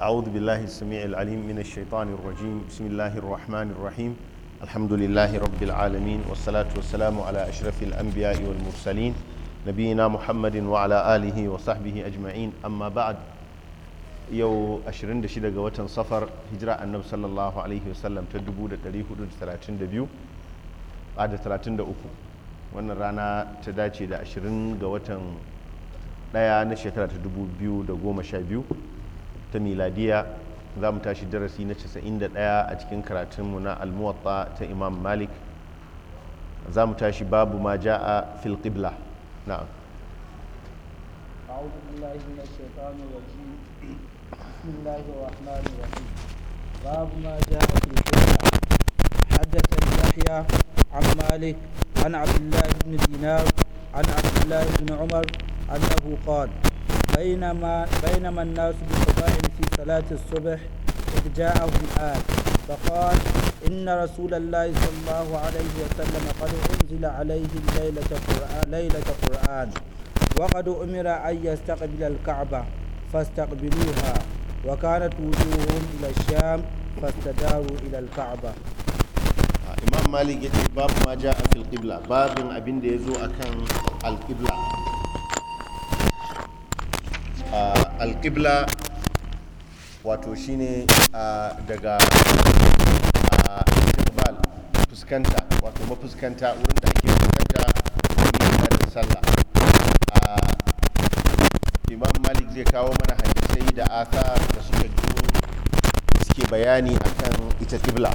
أعوذ بالله السميع العليم من الشيطان الرجيم بسم الله الرحمن الرحيم الحمد لله رب العالمين والصلاة والسلام على أشرف الأنبياء والمرسلين نبينا محمد وعلى آله وصحبه أجمعين أما بعد يو أشرين دشيدة قوة صفر هجرة النبي صلى الله عليه وسلم تدبو دتريه دتلاتين دبيو بعد تلاتين دأوكو wannan rana ta dace da 20 ga watan daya na shekara شاي بيو ta miladiya za mu tashi darasi na 91 a cikin karatunmu na almuwatta ta imam malik za mu tashi babu ma ja a filqibla na'am باب ما جاء في القبلة حدث يحيى عن مالك عن عبد الله بن دينار عن عبد الله بن عمر أنه قال بينما بينما الناس بقضاء في صلاة الصبح إذ جاءهم آت فقال إن رسول الله صلى الله عليه وسلم قد أنزل عليه ليلة قرآن, ليلة قرآن وقد أمر أن يستقبل الكعبة فاستقبلوها وكانت وجوههم إلى الشام فاستداروا إلى الكعبة imam malik ya ce babu ma ja a filƙibla babin abin da ya zo a kan alƙibla Ah, alƙibla wato shine ah, daga ah, istiqbal fuskanta wato mafuskanta wurin da ake fuskanta da sallah imam malik zai kawo mana hadisai da aka da suka suke bayani akan ita ƙibla.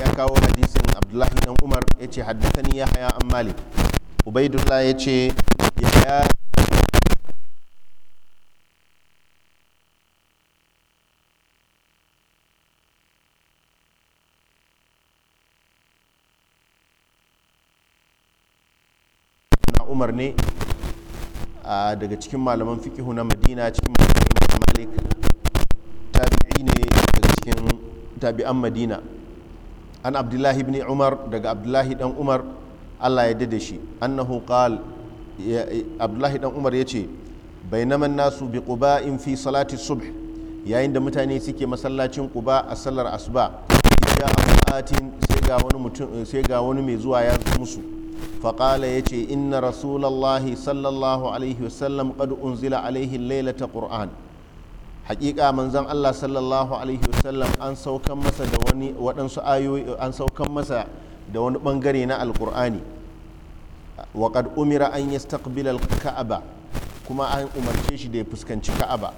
ya kawo hadisin abdullahi dan umar ya ce haddasa ni ya haya an malik ubaidullah ya ce ya Na umar ne daga cikin malaman fikihu na madina cikin malik tabi'i ne daga cikin tabi'an madina an abdullahi ibn umar daga abdullahi dan umar Allah ya dade shi annahu qal Abdullahi dan Umar yace bainaman nasu bi in fi salati subh yayin da mutane suke masallacin quba a sallar asuba ya amatin sai ga wani mutum sai ga wani mai zuwa ya zo musu faqala yace inna rasulallahi sallallahu alaihi wasallam qad unzila alaihi laylata qur'an haƙiƙa manzon Allah sallallahu alaihi wasallam an saukan masa da wani waɗansu ayoyi an saukan masa da wani bangare na alkur'ani waƙad umira an yastaqbila ka'aba kuma an umarce shi da ya fuskanci ka'aba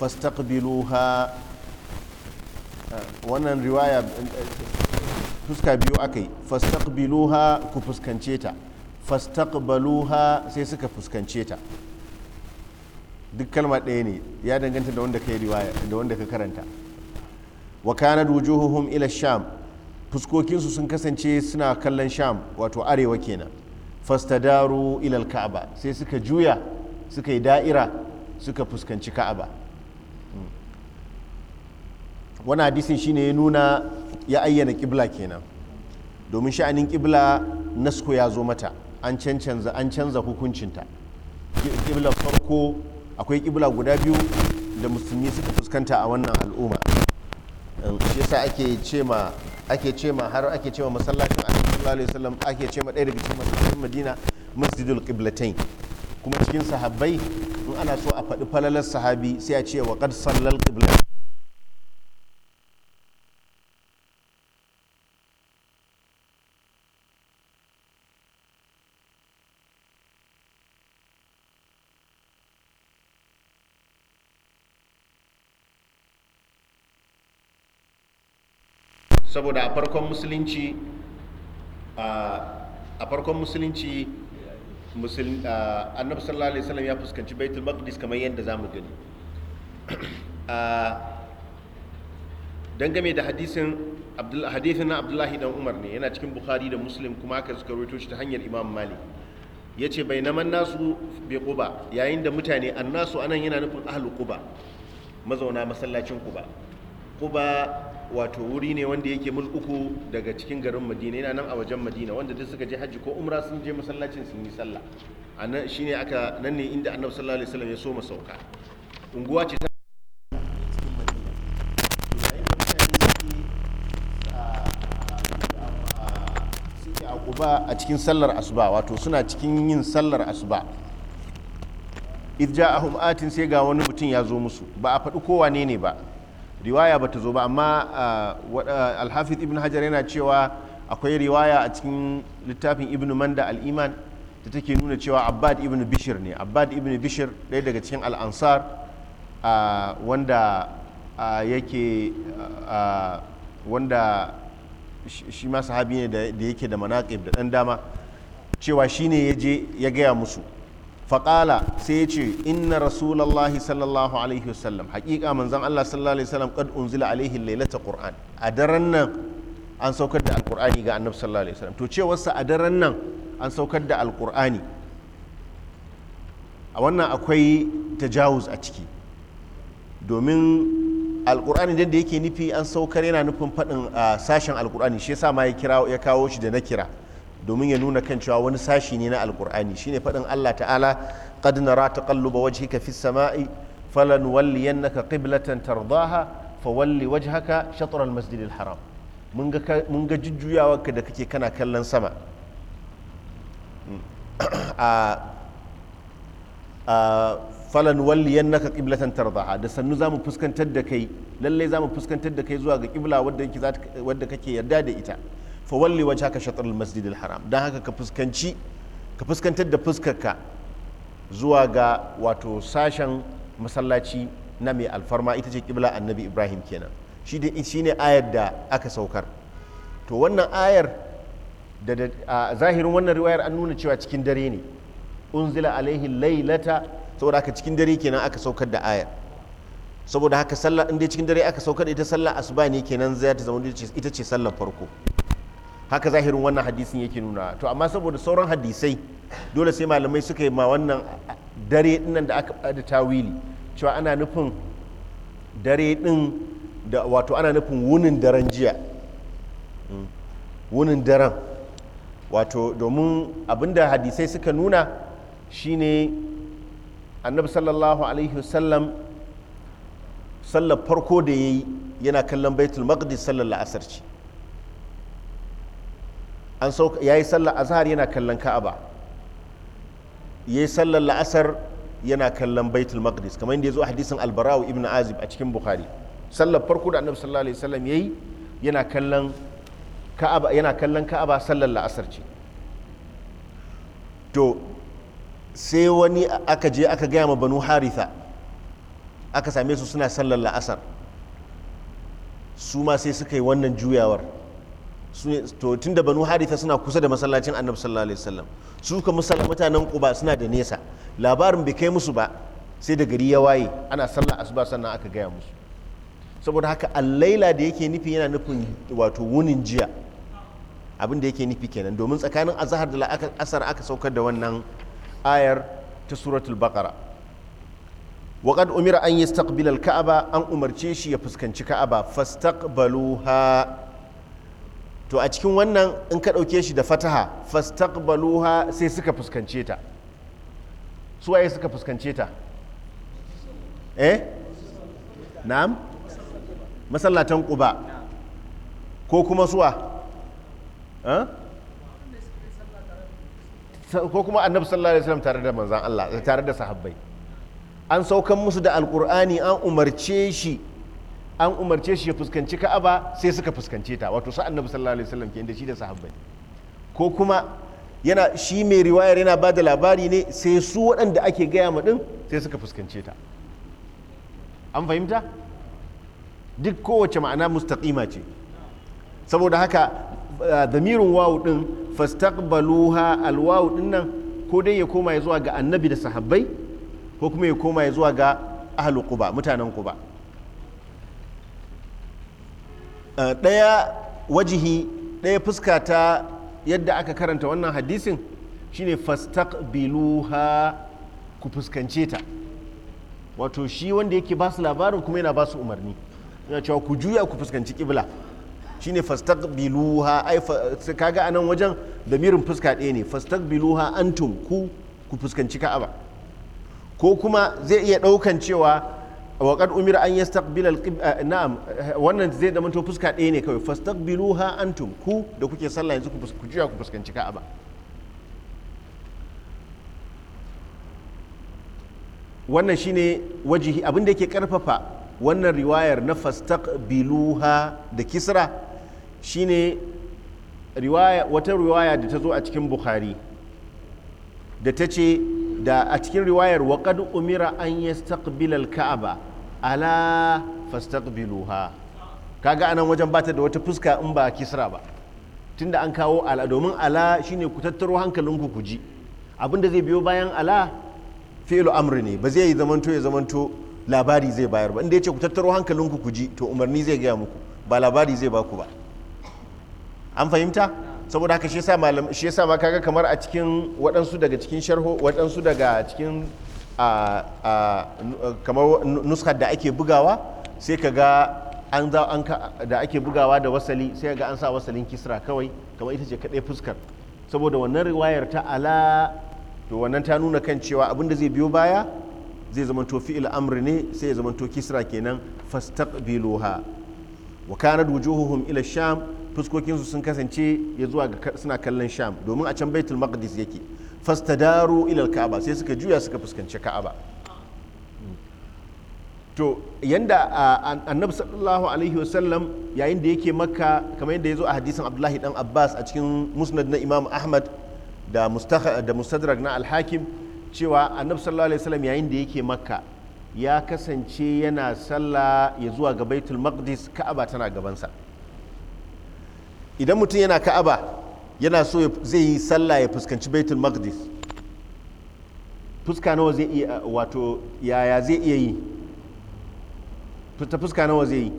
fastaqbiluha wannan riwaya fuska biyu aka fastaqbiluha ku fuskance ta fastaqbaluha sai suka fuskance ta duk kalma ɗaya ne ya danganta da wanda ka riwaya da wanda ka karanta wa kanat wujuhuhum ila sham fuskokinsu sun kasance suna kallon sham wato arewa kenan fastadaru ilal ka'aba sai suka juya suka yi da'ira suka fuskanci ka'aba wani hadisin shine ya nuna ya ayyana kibla kenan domin sha'anin kibla nasko ya zo mata an canza an canza hukuncinta kibla farko akwai kibla guda biyu da musulmi suka fuskanta a wannan al'umma shi yasa ake ce ma ake ce ma har ake ce ma masallacin annabi sallallahu alaihi wasallam ake ce ma ɗaya daga cikin masallacin madina masjidul qiblatain kuma cikin sahabbai in ana so a faɗi falalar sahabi sai a ce wa qad sallal qiblatain saboda a farkon musulunci a farkon musulunci annabi sallallahu alaihi wasallam ya fuskanci baitul maqdis kamar yadda zamu gani game da hadisin hadisin na abdullahi dan umar ne yana cikin bukhari da muslim kuma aka suka rawaito shi ta hanyar imam malik ya ce bai naman nasu bai kuba yayin da mutane an nasu anan yana nufin ahlu kuba mazauna masallacin kuba kuba wato wuri ne wanda yake mulkuku daga cikin garin madina yana nan a wajen madina wanda duk suka je hajji ko umra sun je masallacin sun yi sallah a nan aka nan ne inda annabi sallallahu alaihi wasallam ya so masauka unguwa ce ta ba a cikin sallar asuba wato suna cikin yin sallar asuba idja ahum atin sai ga wani mutum ya zo musu ba a faɗi kowa ne ne ba riwaya ba ta zo ba amma ah, ah, alhafiz ibn hajar yana cewa akwai riwaya a cikin littafin ibn manda al'iman da take nuna cewa abbad ibn bishir ne abbad ibn bishir ɗaya daga cikin al'ansar ah, wanda yake wanda shi ma sahabi ne da yake da manaƙib da ɗan dama cewa shi ne ya je ya gaya musu faƙala sai ya ce inna rasulallahi sallallahu alaihi wasallam haƙiƙa manzan allah sallallahu alaihi wasallam kad unzila alaihi lailata qur'an a daren nan an saukar da alqur'ani ga annabi sallallahu alaihi wasallam to wasu a daren nan an saukar da alqur'ani a wannan akwai tajawuz a ciki domin alqur'ani da yake nufi an saukar yana nufin faɗin ah, sashen alqur'ani shi yasa ma ya kawo shi da na kira domin ya nuna kan cewa wani sashi ne na alkur'ani shine faɗin Allah ta'ala qad nara taqalluba wajhika fis sama'i falanwalliyannaka qiblatan tardaha fa walli wajhaka shatr al masjid al haram mun ga mun ga jujjuyawarka da kake kana kallon sama hmm. a a falanwalliyannaka qiblatan tardaha da sannu zamu fuskantar da kai lalle zamu fuskantar da kai zuwa ga qibla wadda kake yarda da ita fa walli wajhaka shatr al-masjid al-haram dan haka ka fuskanci ka fuskantar da fuskarka zuwa ga wato sashen masallaci na mai alfarma ita ce kibla annabi ibrahim kenan shi da shi ne ayar da aka saukar to wannan ayar da a zahirin wannan riwayar an nuna cewa cikin dare ne unzila alaihi lailata saboda haka cikin dare kenan aka saukar da ayar saboda haka sallah inda cikin dare aka saukar ita sallah asuba ne kenan zai ta zama ita ce sallah farko haka zahirin wannan hadisin yake nuna to amma saboda sauran hadisai dole sai malamai suka yi ma wannan dare dinnan da aka bada tawili cewa ana nufin dare din da wato ana nufin wunin daren jiya hmm. wunin daren wato domin abinda hadisai suka nuna shine annabi sallallahu alaihi wasallam sallar farko da ya yi yana kallon baitul maqdis sallar la'asar an sauka yayi sallar azhar yana kallon ka'aba yayi sallar la'asar yana kallon baitul maqdis kamar yadda ya a hadisin albarawu ibn azib a cikin bukhari sallar farko da annabi sallallahu alaihi wasallam yayi yana kallon ka'aba yana kallon ka'aba sallar la'asar ce to sai wani aka je aka gaya ma banu haritha aka same su suna sallar la'asar su ma sai suka yi wannan juyawar to da banu haritha suna kusa da masallacin annabi sallallahu alaihi wasallam su ka musalla mutanen quba suna da nesa labarin bai kai musu ba sai da gari ya waye ana sallah asuba sannan aka gaya musu saboda haka allaila da yake nufi yana nufin wato wunin jiya abin da yake nufi kenan domin tsakanin azhar da asar aka saukar da wannan ayar ta suratul baqara an أمر ka'aba an umarce shi ya fuskanci ka'aba fastaqbaluha to a cikin wannan in ka ɗauke shi da fataha fastaqbaluha sai suka fuskance ta suwaye suka fuskance ta eh na'am masallatan quba ko kuma suwa eh? ko kuma annabi sallallahu alaihi wasallam tare da manzan Allah tare da sahabbai an saukan musu da alkur'ani an umarce shi an umarce shi ya fuskanci ka'aba sai suka fuskance ta wato sa annabi sallallahu alaihi wasallam kenan da shi da sahabbai ko kuma yana shi mai riwayar yana ba da labari ne sai su waɗanda ake gaya ma ɗin sai suka fuskance ta an fahimta duk kowace ma'ana mustaƙima ce saboda haka damirin wawu ɗin fastaqbaluha alwawu ɗin nan ko dai ya koma ya zuwa ga annabi da sahabbai ko kuma ya koma ya zuwa ga ahlu quba mutanen quba Eh, ɗaya wajihi ɗaya fuska ta yadda aka karanta wannan hadisin shine biluha ku fuskance ta wato shi wanda yake ba su labarin kuma yana ba su umarni yana cewa ku juya ku fuskanci kibla shine biluha ai kaga anan wajen damirin fuska ɗaya ne biluha antum ku ku fuskanci ka'aba ko kuma zai iya ɗaukan cewa wa qad umira an yastaqbila al eh, na'am eh, wannan zai da manto fuska ɗaya ne kawai fastaqbiluha antum ku da kuke sallah yanzu ku juya ku fuskanci ka'aba wannan shine wajihi abin da yake karfafa wannan riwayar na fastaqbiluha da kisra shine riwaya wata riwaya da ta zo a cikin bukhari da ta ce da a cikin riwayar waqad umira an yastaqbila al-ka'aba ala fastaqbiluha kaga anan wajen bata da wata fuska in ba kisra ba tunda an kawo ala domin ala shine ku tattaro hankalinku ku ji abinda zai biyo bayan ala fi'lu amri ne ba zai yi zamanto ya zamanto labari zai bayar ba inda yace ku tattaro hankalinku ku ji to umarni zai gaya muku ba labari zai baku ba an fahimta saboda haka shi yasa malam shi yasa ma kaga kamar a cikin waɗansu daga cikin sharho waɗansu daga cikin kamar nuskar da ake bugawa sai ka ga an za an da ake bugawa da wasali sai ga an sa wasalin kisra kawai kamar ita ce kaɗai fuskar saboda wannan riwayar ta ala to wannan ta nuna kan cewa abin da zai biyo baya zai zama to fi'il amri ne sai ya zama to kisra kenan fastaqbiluha wa kanat wujuhuhum ila sham fuskokinsu sun kasance ya zuwa suna kallon sham domin a can baitul maqdis yake fastadaru ilal ka'aba sai suka juya suka fuskanci ka'aba to yanda annabi sallallahu alaihi wasallam yayin da yake makka kamar yadda ya zo a hadisin abdullahi dan abbas a cikin musnad na imam ahmad da mustadrak na alhakim cewa annabi sallallahu alaihi wasallam yayin da yake makka ya kasance yana sallah ya zuwa ga baitul maqdis ka'aba tana gabansa idan mutum yana ka'aba yana so zai yi sallah ya fuskanci baitul maqdis fuska nawa zai iya wato yaya zai iya yi ta fuska nawa zai yi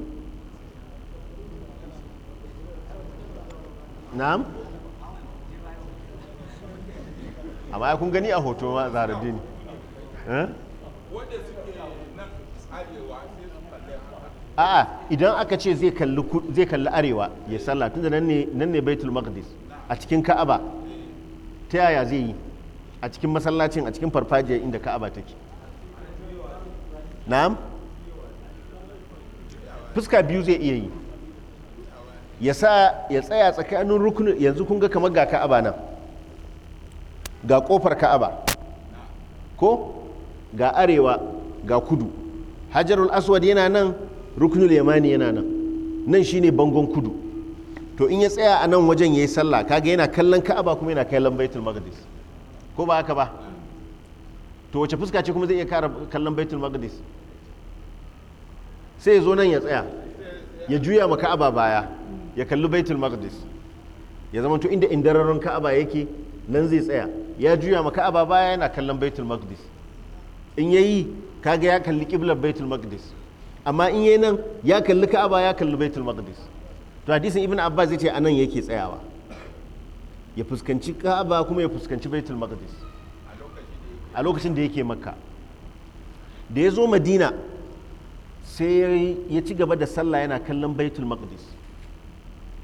na'am amma ya kun gani a hoto ma zaradin. Eh? a'a idan aka ce zai kalli arewa ya sallah tun da nan ne baitul maqdis a cikin ka'aba ta yaya zai yi a cikin masallacin a cikin farfajiyar inda ka'aba take na'am fuska biyu zai iya yi ya sa ya tsaya tsakanin rukun yanzu kun ga kamar ga ka'aba nan ga kofar ka'aba ko ga arewa ga kudu hajarul aswad yana nan rukunul yamani yana nan nan shine bangon kudu to in ya tsaya a nan wajen ya yi sallah kaga yana kallon ka'aba kuma yana kallon baitul maqdis ko ba haka ba to wace fuska ce kuma zai iya kara kallon baitul maqdis sai ya zo nan ya tsaya ya juya ma ka'aba baya ya kalli baitul maqdis ya zama to inda indararin ka'aba yake nan zai tsaya ya juya ma ka'aba baya yana kallon baitul maqdis in yayi kaga ya kalli qiblar baitul maqdis amma in yayi nan ya kalli ka'aba ya kalli baitul maqdis to hadisin ibn abbas zai ce a nan yake tsayawa ya fuskanci ka'aba kuma ya fuskanci baitul maqdis a lokacin da yake makka da ya zo madina sai ya ci gaba da sallah yana kallon baitul maqdis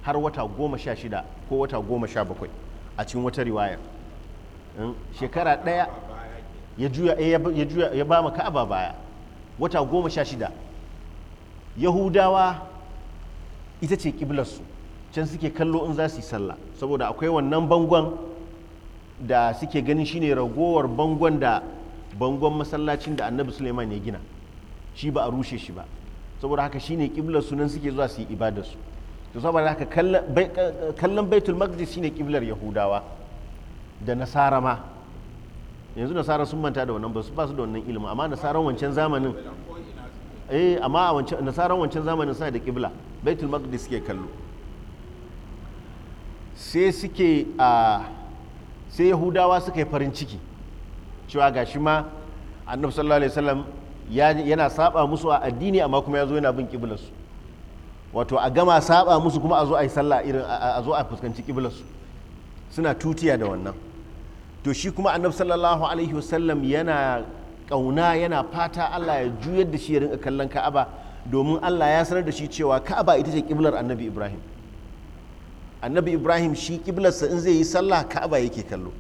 har wata goma sha shida ko wata goma sha bakwai a cikin wata riwaya hmm, shekara ɗaya ya juya ya ba ma ka'aba baya wata goma sha shida yahudawa ita ce kiblarsu can suke kallo in za su yi sallah saboda akwai wannan bangon da suke ganin shine ragowar bangon da bangon masallacin da annabi suleiman ya gina shi ba a rushe shi ba saboda haka shine kiblar su nan suke zuwa su yi ibadarsu to saboda haka kallon baitul maqdis shine kiblar yahudawa da nasara ma yanzu nasara sun manta da wannan ba su ba su da wannan ilimin amma nasaran wancan zamanin eh amma nasaran wancan zamanin suna da kibla baitul maqdis suke kallo sai suke a sai yahudawa suka yi farin ciki cewa gashi ma annabi sallallahu alaihi wasallam yana saba musu a addini amma kuma ya yana bin kiblarsu wato a gama saba musu kuma a zo a yi sallah irin a zo a fuskanci kiblarsu suna tutiya da wannan to shi kuma annabi sallallahu alaihi wasallam yana kauna yana fata Allah ya juyar da shi ya rinka kallon Ka'aba domin Allah ya sanar da shi cewa Ka'aba ita ce kiblar Annabi Ibrahim Annabi Ibrahim shi kiblarsa in zai yi sallah Ka'aba yake kallo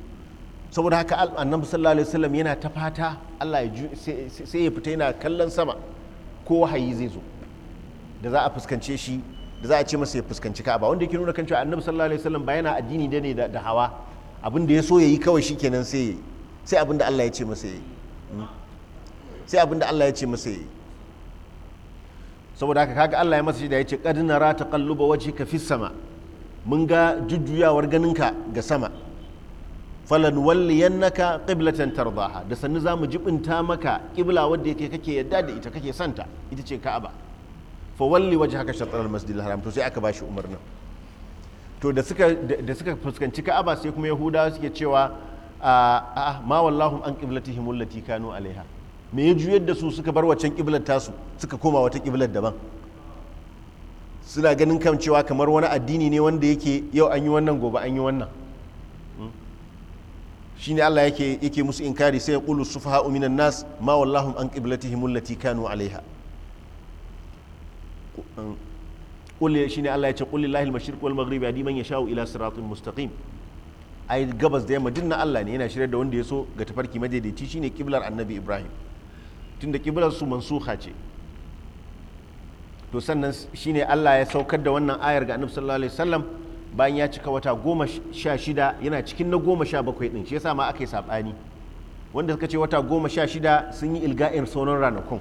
saboda haka Annabi sallallahu alaihi wasallam yana ta fata Allah sai ya fita yana kallon sama ko wahayi zai zo da za a fuskance shi da za a ce masa ya fuskanci Ka'aba wanda yake nuna kan cewa Annabi sallallahu alaihi wasallam ba yana addini da ne da hawa abin da ya so ya yi kawai shikenan sai sai abin da Allah ya ce masa yayi hmm? sai abin da Allah ya ce masa yayi saboda haka kaga Allah ya masa shida ya ce qad nara taqalluba wajhika fis sama mun ga jujjuyawar ganinka ga sama falan yannaka qiblatan tardaha da sannu zamu jibinta maka qibla wadda yake kake yadda da ita kake santa ita ce Ka'aba fa walli wajhaka shatr al-masjid al-haram to sai aka bashi umarnin to da suka da suka fuskanci Ka'aba sai kuma Yahudawa suke cewa a ah, ah, ma wallahu an qiblatihim allati kanu alaiha me ya juyar da su suka bar waccan kiblar tasu suka koma wata kiblar daban suna ganin kam cewa kamar wani addini ne wanda yake yau an yi wannan gobe an yi wannan hmm? shine Allah yake yake musu inkari sai ya qulu sufaha'u minan nas ma wallahum an qiblatihim allati kanu alaiha hmm? shi ne Allah yace qul lillahi al-mashriq wal maghrib diman ya yasha'u ila siratin mustaqim ai gabas da yamma dinna Allah ne yana shirya da wanda ya so ga tafarki madaidaici shine kiblar annabi Ibrahim tunda kiblar su mansuha ce to sannan shine Allah ya saukar da wannan ayar ga Annabi sallallahu alaihi wasallam bayan ya cika wata goma sha shida yana cikin na goma sha bakwai din shi yasa ma aka yi sabani wanda suka ce wata goma sha shida sun yi ilga'in sauran ranakun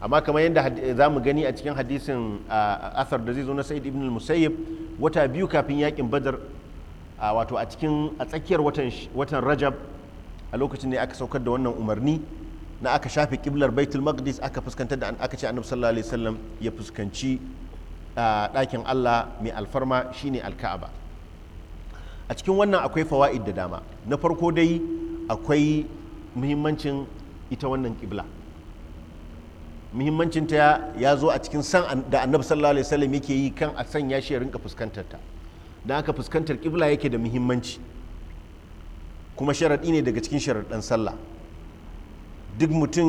amma kamar yadda za mu gani a cikin hadisin asar da zai zo na sa'id ibn musayyib wata biyu kafin yakin badar wato a cikin a tsakiyar watan rajab a lokacin da aka saukar da wannan umarni na aka shafe kiblar baitul maqdis aka fuskantar da aka ce annabi sallallahu alaihi wasallam ya fuskanci ɗakin Allah mai alfarma shine alka'aba a cikin wannan akwai fawaid da dama na farko dai akwai muhimmancin ita wannan kibla muhimmancin ta ya zo a cikin san da annabi sallallahu alaihi wasallam yake yi kan a san shi ya rinka fuskantar ta dan aka fuskantar kibla yake da muhimmanci kuma sharaɗi ne daga cikin sharaɗin sallah duk mutum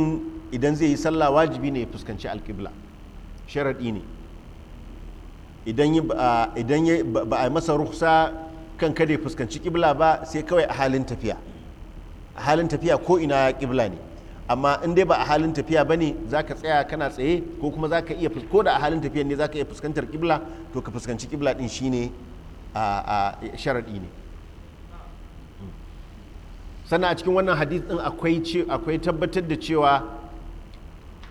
idan zai yi sallah wajibi ne ya fuskanci alƙibla sharaɗi ne idan ba a masa ruhsa kan kada ya fuskanci ƙibla ba sai kawai a halin tafiya a halin tafiya ko ina ƙibla ne amma in dai ba a halin tafiya ba ne za ka tsaya kana tsaye ko kuma za ka iya ko da a halin tafiya ne za ka iya fuskantar ƙibla to ka fuskanci ƙibla ɗin shine a sharaɗi ne sannan a cikin wannan hadith din akwai akwai tabbatar da cewa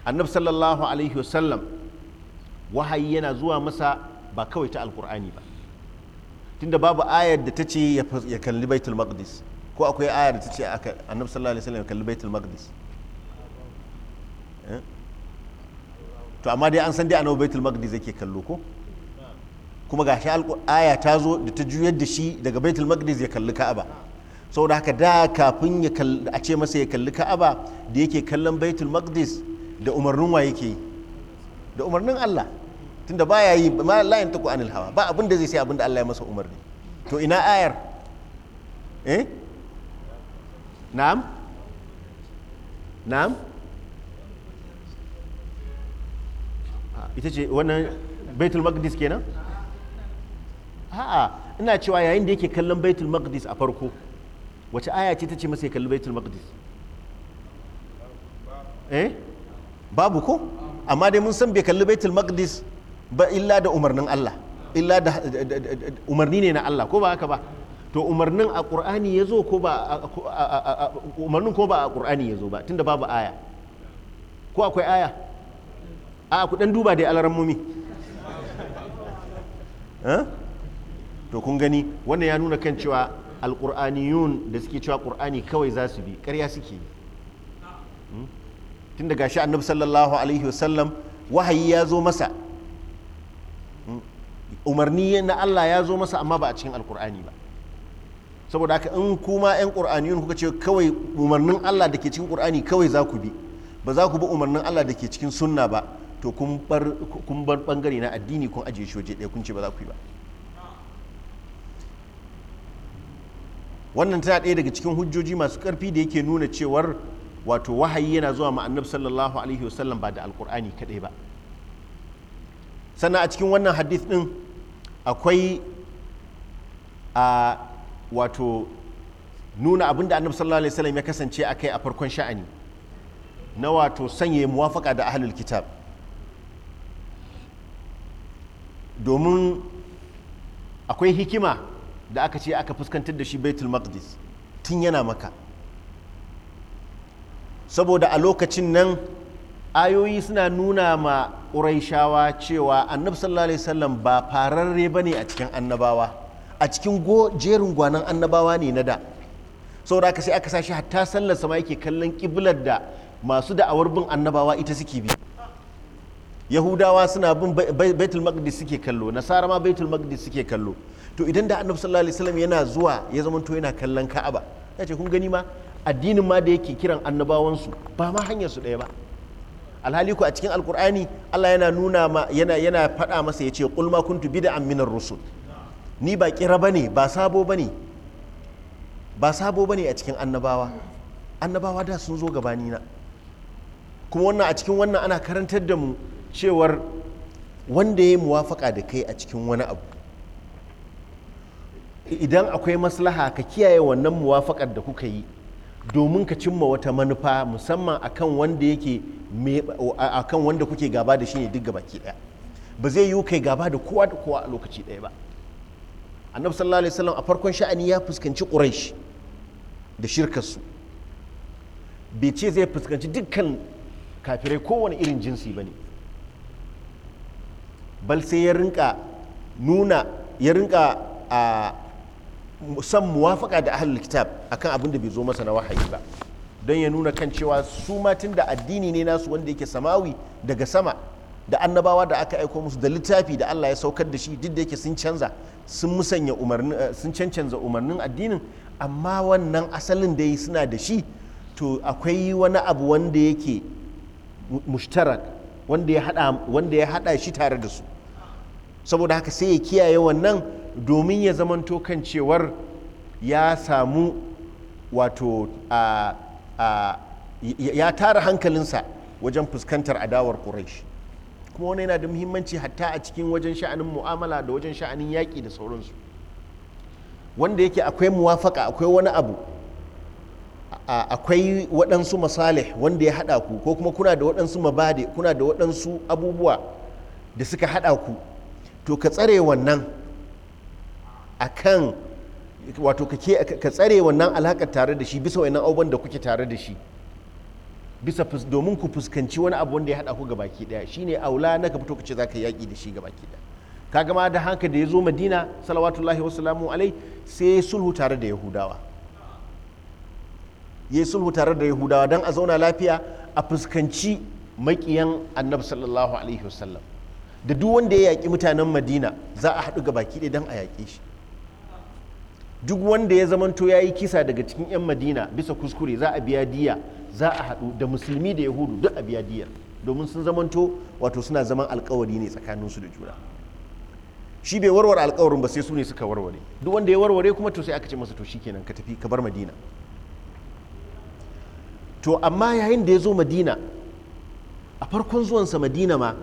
annabi sallallahu alaihi wasallam wahayi yana zuwa masa ba kawai ta alkur'ani ba tunda babu ayar da ta ce ya kalli baitul maqdis ko akwai ayar da ta ce annabi sallallahu alaihi wasallam ya kalli baitul maqdis eh? to amma dai an san dai annabi baitul maqdis yake kallo ko kuma gashi aya ta zo da ta juyar da shi daga baitul maqdis ya kalli ka'aba saboda haka da kafin a ce masa ya kalli ka'aba da yake kallon baitul maqdis da umarnin wa yake yi da umarnin Allah tunda ya yi ma la yantaku anil hawa ba abin da zai sai abin da Allah ya masa umarni to ina ayar eh na'am na'am ah, ita ce wannan baitul maqdis kenan a'a ina cewa yayin da yake kallon baitul maqdis a farko wace aya ce ta ce masa ya kalli baitul maqdis eh babu ko amma dai mun san bai kalli baitul maqdis ba illa da umarnin Allah illa da umarni ne na Allah ko ba haka ba to umarnin a qur'ani yazo ko ba umarnin ko ba a qur'ani yazo ba tunda babu aya ko akwai aya a ku dan duba dai alaran mumi to kun gani wannan ya nuna kan cewa alƙur'aniyun da suke cewa ƙur'ani kawai za su bi ƙarya suke yi hmm? tun daga shi annabi sallallahu alaihi wasallam wahayi ya zo masa hmm? umarni na Allah ya zo masa amma ba a cikin alƙur'ani ba saboda haka in kuma 'yan ƙur'aniyun kuka ce kawai umarnin Allah da ke cikin ƙur'ani kawai za ku bi ba za ku bi umarnin Allah da ke cikin sunna ba to kun bar bangare na addini kun ajiye shi waje ɗaya kun ce ba za ku yi ba wannan tana ɗaya daga cikin hujjoji masu ƙarfi da yake nuna cewar wato wahayi yana zuwa ma annabi sallallahu alaihi wasallam ba da alƙur'ani kaɗai ba sannan a cikin wannan hadith ɗin akwai a wato nuna abin da annabi sallallahu alaihi wasallam ya kasance a kai a farkon sha'ani na wato sanya muwafaka da ahlul kitab domin akwai hikima da aka ce aka fuskantar da shi baitul maqdis tun yana maka saboda a lokacin nan ayoyi suna nuna ma uraishawa cewa annabi sallallahu alaihi wasallam ba fararre ba ne a cikin annabawa a cikin jerin gwanan annabawa ne na da saboda aka sai aka sashi hatta sallar sama yake kallon kiblar da masu da'awar bin annabawa ita suke bi yahudawa suna bin baitul maqdis suke kallo nasara ma baitul maqdis suke kallo to idan da annabi sallallahu alaihi wasallam yana zuwa ya zama to yana kallon ka'aba ya ce kun gani ma addinin ma da yake kiran annabawansu ba ma hanyar su ɗaya ba alhali ku a cikin alkur'ani Allah yana nuna ma yana yana faɗa masa ya ce qul ma kuntu bid'an minar rusul ni ba kira bane ba sabo bane ba sabo bane a cikin annabawa annabawa da sun zo gabani na kuma wannan a cikin wannan ana karantar da mu cewar wanda ya yi muwafaka da kai a cikin wani abu idan akwai maslaha ka kiyaye wannan muwafakar da kuka yi domin ka cimma wata manufa musamman akan wanda yake akan wanda kuke gaba da shi ne duk gabaki daya ba zai yiwu kai gaba da kowa da kowa a lokaci ɗaya ba annabi sallallahu alaihi wasallam a farkon sha'ani ya fuskanci quraish da shirkarsu bai ce zai fuskanci dukkan kafirai kowane irin jinsi ba ne bal sai ya rinka nuna ya rinka a san muwafaka da ahlul kitab akan abin da bai zo masa na wahayi ba don ya nuna kan cewa su ma da addini ne nasu wanda yake samawi daga sama da annabawa da aka aiko musu da littafi da Allah ya saukar da shi duk da yake sun canza sun musanya umarnin eh, sun cancanza umarnin addinin amma wannan asalin da suna da shi to akwai wani abu wanda yake mushtarak wanda ya hada shi tare da su saboda haka sai ya kiyaye wannan domin ya zamanto kan cewar ya samu wato ya tara hankalinsa wajen fuskantar adawar ƙura'ishi kuma wani yana da muhimmanci hatta a cikin wajen sha'anin mu'amala da wajen sha'anin yaƙi da sauransu wanda yake akwai muwafaka akwai wani abu akwai waɗansu masalih wanda ya haɗa ku ko kuma kuna da waɗansu mabade kuna da waɗansu abubuwa da suka haɗa ku to ka tsare wannan akan wato ka tsare wannan alaƙar tare da shi bisa wannan abubuwan da kuke tare da shi bisa domin ku fuskanci wani abu wanda ya haɗa ku ga baki ɗaya ne aula na ka fito ka ce za ka yaƙi da shi ga baki ɗaya ka gama da hanka da ya zo madina salawatullahi wasalamu alai sai ya sulhu tare da yahudawa ya sulhu tare da yahudawa don a zauna lafiya a fuskanci makiyan annabi sallallahu alaihi wasallam da duk wanda ya yaƙi mutanen madina za a haɗu ga baki ɗaya don a yaƙe shi duk wanda ya zamanto ya yi kisa daga cikin 'yan madina bisa kuskure za a biya diya za a haɗu da musulmi da yahudu duk a biya diya domin sun zamanto wato suna zaman alkawari ne tsakaninsu da juna shi bai warware alkawarin ba sai su ne suka warware duk wanda ya warware kuma to sai aka ce masa to kenan ka tafi ka bar madina to amma yayin da ya zo madina a farkon zuwansa madina ma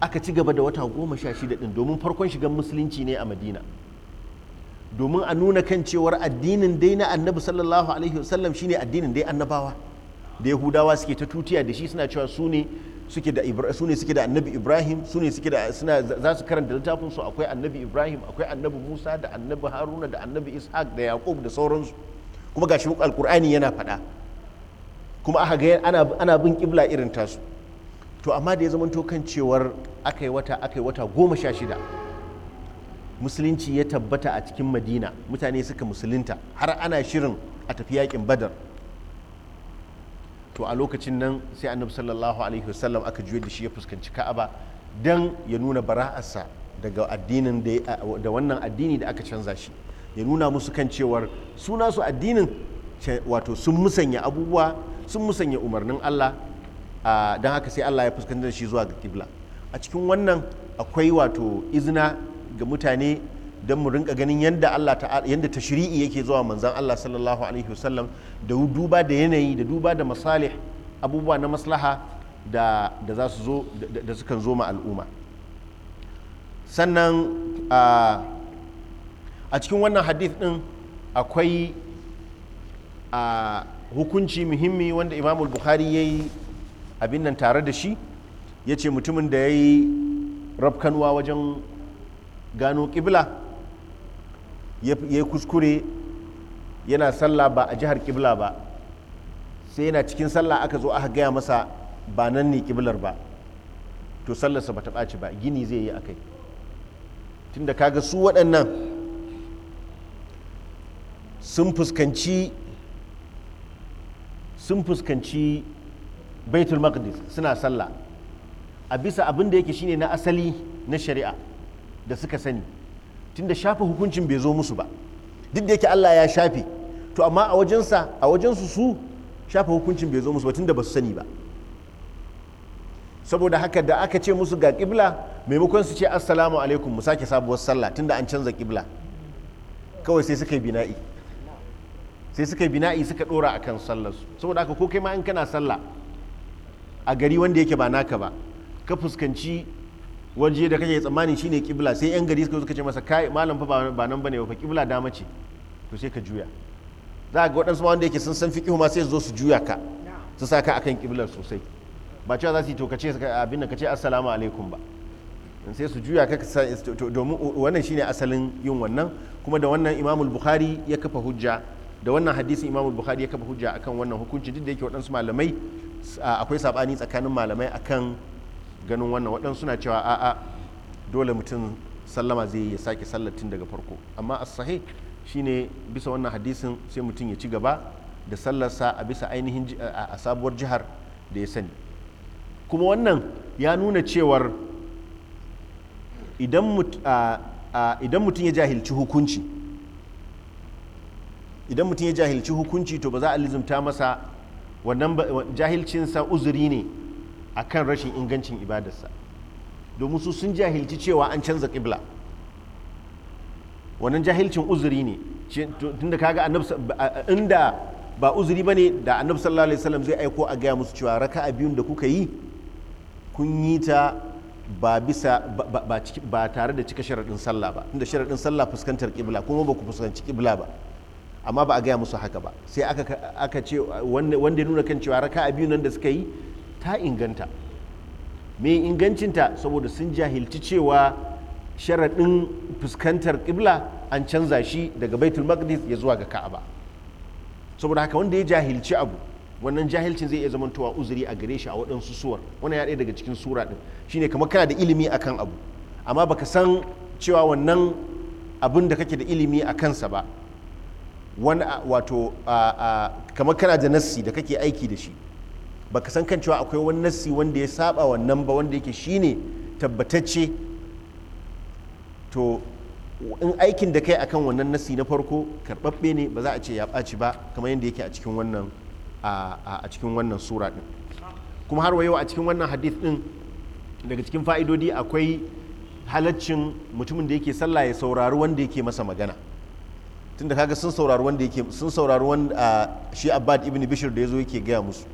aka ci gaba da wata goma sha shida din domin farkon shigan musulunci ne a madina domin a nuna kan cewar addinin dai na annabi sallallahu alaihi wasallam shine addinin dai annabawa da yahudawa suke ta tutiya da shi suna cewa su ne suke da annabi ibrahim su suke da suna za su karanta littafin su akwai annabi ibrahim akwai annabi musa da annabi haruna da annabi ishaq da yaqub da sauransu kuma gashi alkur'ani yana faɗa kuma aka ga ana ana bin kibla irin tasu to amma da ya zama to kan cewar akai wata akai wata goma sha shida musulunci ya tabbata a cikin madina mutane suka musulunta har ana shirin a tafi yakin badar to a lokacin nan sai annabi sallallahu alaihi wasallam aka juye da shi ya fuskanci ka'aba dan ya nuna bara'arsa daga addinin da wannan addini da aka canza shi ya nuna musu kan cewar suna su addinin wato sun musanya abubuwa sun musanya umarnin Allah don haka sai Allah ya fuskanta shi zuwa ga kibla a cikin wannan akwai wato izina ga mutane don mu rinka ganin yadda Allah yadda tashri'i yake zuwa manzan Allah sallallahu alaihi wasallam da duba da yanayi da duba da masalih abubuwa na maslaha da su zo da zo ma al'umma sannan a cikin wannan hadith din akwai hukunci muhimmi wanda imamul bukhari ya yi abin nan tare da shi ya ce mutumin da ya yi rafkanwa wajen gano ƙibla ya kuskure yana sallah ba a jihar ƙibla ba sai yana cikin sallah aka zo aka gaya masa ba nan ne kiblar ba to sallarsa ba ta ɓaci ba gini zai yi a kai tunda kaga su waɗannan sun fuskanci sun fuskanci baitul maqdis suna sallah a bisa abin da yake shine na asali na shari'a da suka sani tunda shafa hukuncin bai zo musu ba duk da yake Allah ya shafe to amma a wajensa a wajensu su shafa hukuncin bai zo musu ba tunda ba su sani ba saboda haka da aka ce musu ga kibla maimakon su ce assalamu alaikum mu sake sabuwar sallah tunda an canza kibla kawai sai suka yi bina'i sai suka yi bina'i suka dora akan sallar su saboda haka ko kai ma in kana sallah a gari wanda yake ba naka ba ka fuskanci waje da kake tsammani shine kibla sai yan gari suka suka ce masa kai malam fa ba nan bane fa kibla dama ce to sai ka juya za ga waɗansu ma wanda yake sun san fiqhu ma sai su zo su juya ka su saka akan kiblar sosai ba cewa za su yi to kace abin da kace assalamu alaikum ba sai su juya ka domin wannan shine asalin yin wannan kuma da wannan imamul bukhari ya kafa hujja da wannan hadisin imamul bukhari ya kafa hujja akan wannan hukunci duk da yake waɗansu malamai akwai sabani tsakanin malamai akan ganin wannan waɗansu suna cewa a'a dole mutum sallama zai ya sake sallatin daga farko amma as sahih shine bisa wannan hadisin sai mutum ya ci gaba da sallarsa a bisa ainihin a sabuwar jihar da ya sani kuma wannan ya nuna cewar idan mutum ya jahilci hukunci idan mutum ya jahilci hukunci to ba za a lizumta masa wannan jahilcinsa uzuri ne akan rashin ingancin ibadarsa domin su sun jahilci cewa an canza ƙibla wannan jahilcin uzuri ne tunda kaga inda ba uzuri ba ne da annabi sallallahu alaihi wasallam zai aiko a gaya musu cewa raka biyun da kuka yi kun yi ta ba bisa ba tare da cika sharaɗin sallah ba inda sharaɗin sallah fuskantar ƙibla kuma ba ku fuskanci ƙibla ba amma ba a gaya musu haka ba sai aka ce wanda ya nuna kan cewa raka biyun nan da suka yi ta inganta me ingancinta saboda sun jahilci cewa sharaɗin fuskantar ƙibla an canza shi daga baitul maqdis ya zuwa ga ka'aba saboda haka wanda ya jahilci abu wannan jahilcin zai iya zamantowa uzuri a gare shi a waɗansu suwar wannan ya ɗaya daga cikin sura ɗin shine kamar kana da ilimi akan abu amma baka san cewa wannan abin da kake da ilimi a kansa ba wani wato kamar kana da nassi da kake aiki da shi baka san kan cewa akwai wani nassi wanda ya saba wannan ba wanda yake shine tabbatacce to in aikin da kai akan wannan nassi na farko karbabbe ne ba za a ce ya ɓaci ba kamar yadda yake a cikin wannan sura din kuma har wayo a cikin wannan hadith din daga cikin fa'idodi akwai halaccin mutumin da yake sallah ya saurari wanda yake masa magana tunda kaga sun saurari wanda yake sun saurari wanda shi abad ibn bishir da yazo yake gaya musu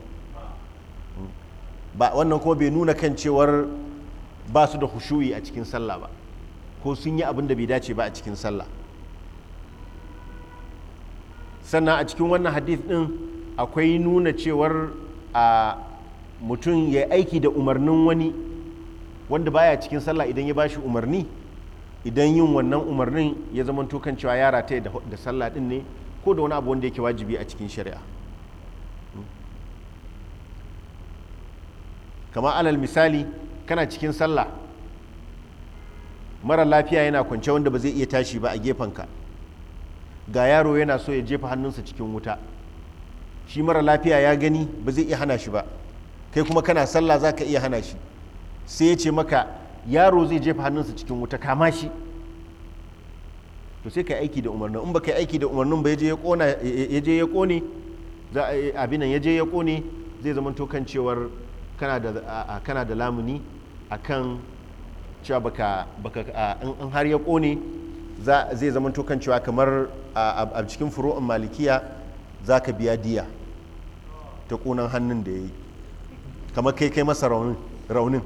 ba wannan kuma bai nuna kan cewar ba su da hushuyi a cikin sallah ba ko sun yi abin da bai dace ba a cikin sallah sannan a cikin wannan hadith din akwai nuna cewar a mutum ya aiki da umarnin wani wanda baya cikin sallah idan ya bashi umarni idan yin wannan umarnin ya zama kan cewa yara ta da sallah din ne ko da wani abu wanda yake wajibi a cikin shari'a kamar alal misali kana cikin sallah mara lafiya yana kwance wanda ba zai iya tashi ba a gefenka ga yaro yana so ya jefa hannunsa cikin wuta shi mara lafiya ya gani ba zai iya hana shi ba kai kuma kana sallah za ka iya hana shi sai ya ce maka yaro zai jefa hannunsa cikin wuta kama shi to sai ka aiki da umarnin in ba ka aiki da umarnin ba ya je ya kone eh, abin nan ya je ya kone zai zama to kan cewar kana da lamuni a kan cewa baka in har ya kone zai zama kan cewa kamar a cikin furu'un malikiya za ka biya diya ta kunan hannun da ya yi kamar kai kai masa raunin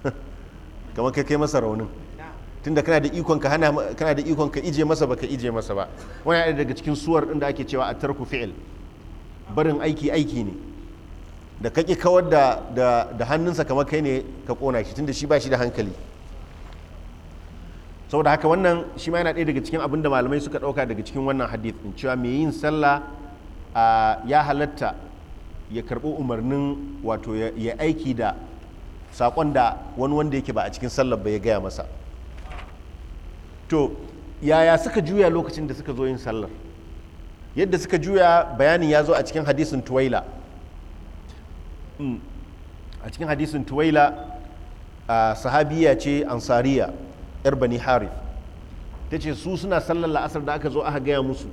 kamar kai kai masa raunin tunda kana da ikon ka hana kana da ikon ka ije masa baka ije masa ba wani daga cikin suwar din da ake cewa a tarku fi'il barin aiki aiki ne da ka ƙi kawar da hannunsa kamar kai ne ka ƙona shi tunda shi ba shi da hankali saboda haka wannan shi ma yana ɗaya daga cikin abin da malamai suka ɗauka daga cikin wannan hadith in cewa mai yin sallah ya halatta ya karɓo umarnin wato ya aiki da saƙon da wani wanda yake ba a cikin sallar ba ya gaya masa to yaya suka juya lokacin da suka zo yin sallar yadda suka juya bayanin ya zo a cikin hadisin tuwaila Hmm. a cikin hadisin tuwaila sahabiya ce ansariya yar bani harif ta ce su suna sallar la'asar da aka zo aka gaya musu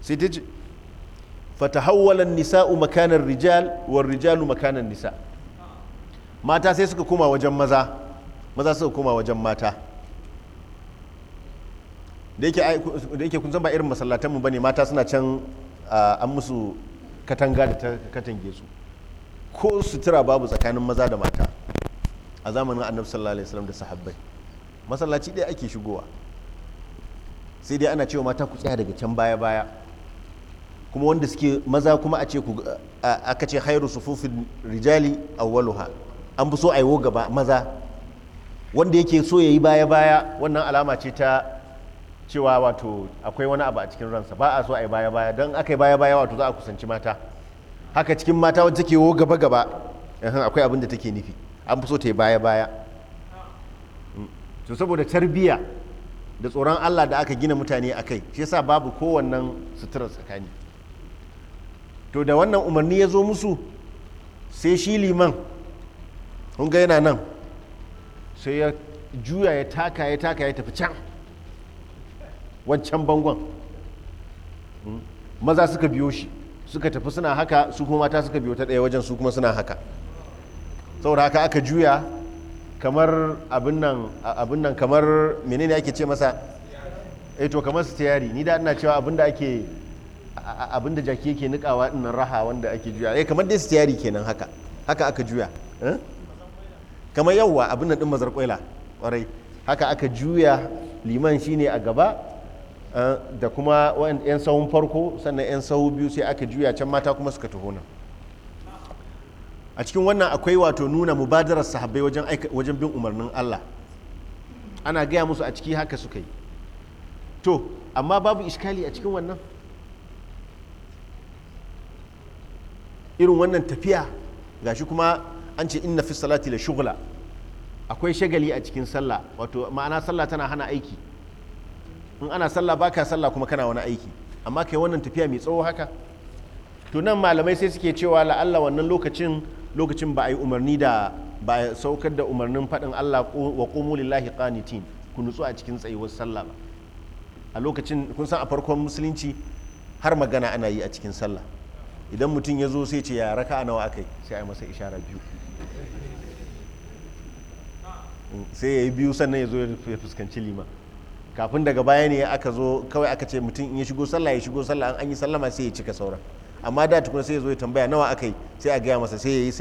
sai ta ce fatahawwalan nisa'u makanan rijal war rijalu makanan nisa mata sai suka koma wajen maza maza suka koma wajen mata da yake kun san ba irin masallatanmu ba ne mata suna can an musu katanga da ta katange su ko sutura babu tsakanin maza da mata a zamanin annabi sallallahu alaihi wasallam da sahabbai masallaci ɗaya ake shigowa sai dai ana cewa mata ku tsaya daga can baya baya kuma wanda suke maza kuma a ce ku aka ce khairu sufufin rijali awwaluha an fi so a yiwo gaba maza wanda yake so ya yi baya baya wannan alama ce ta cewa wato akwai wani abu a cikin ransa ba a so a yi baya baya don aka yi baya baya wato za a kusanci mata haka cikin mata wadda take wo gaba gaba akwai abin da take nufi an fi so ta yi baya baya mm. to saboda tarbiyya da tsoron Allah da aka gina mutane a kai shi yasa babu kowannan sutura tsakani to da wannan umarni ya zo musu sai shi liman ga yana nan sai ya juya ya taka ya taka ya tafi can wancan bangon mm. maza suka biyo shi suka tafi suna haka su kuma mata suka biyo ta ɗaya wajen su kuma suna haka saboda haka aka juya kamar abin nan kamar menene ake ce masa eh to kamar su tayari ni da ina cewa abin da ake abin da jaki yake nikawa dinnan raha wanda ake juya eh kamar dai su tayari kenan haka haka aka juya eh? kamar yawwa abin nan din mazarkwaila kwarai haka aka juya liman shine a gaba Eh, da kuma yan sahun farko sannan yan sahu biyu sai aka juya can mata kuma suka taho nan a cikin wannan akwai wato nuna mubadarar sahabbai wajen bin umarnin Allah ana gaya musu a ciki haka suka yi to amma babu iskali a cikin wannan irin wannan tafiya gashi kuma an ce inna fi salati da shugula akwai shagali a cikin sallah wato ma'ana sallah tana hana aiki in ana sallah baka sallah kuma kana wani aiki amma kai wannan tafiya mai tsawo haka to nan malamai sai suke cewa la'alla wannan lokacin lokacin ba a yi umarni da ba a saukar da umarnin faɗin Allah wa qumu lillahi qanitin ku nutsu a cikin tsayuwar sallah ba a lokacin kun san a farkon musulunci har magana ana yi a cikin sallah idan mutum ya zo sai ce ya raka nawa akai sai a yi masa ishara biyu sai ya yi biyu sannan ya zo ya fuskanci liman kafin daga baya ne aka zo kawai aka ce mutum in ya shigo sallah ya shigo sallah an yi sallama sai ya cika sauran amma da tukuna sai ya zo ya tambaya nawa aka yi sai a gaya masa sai ya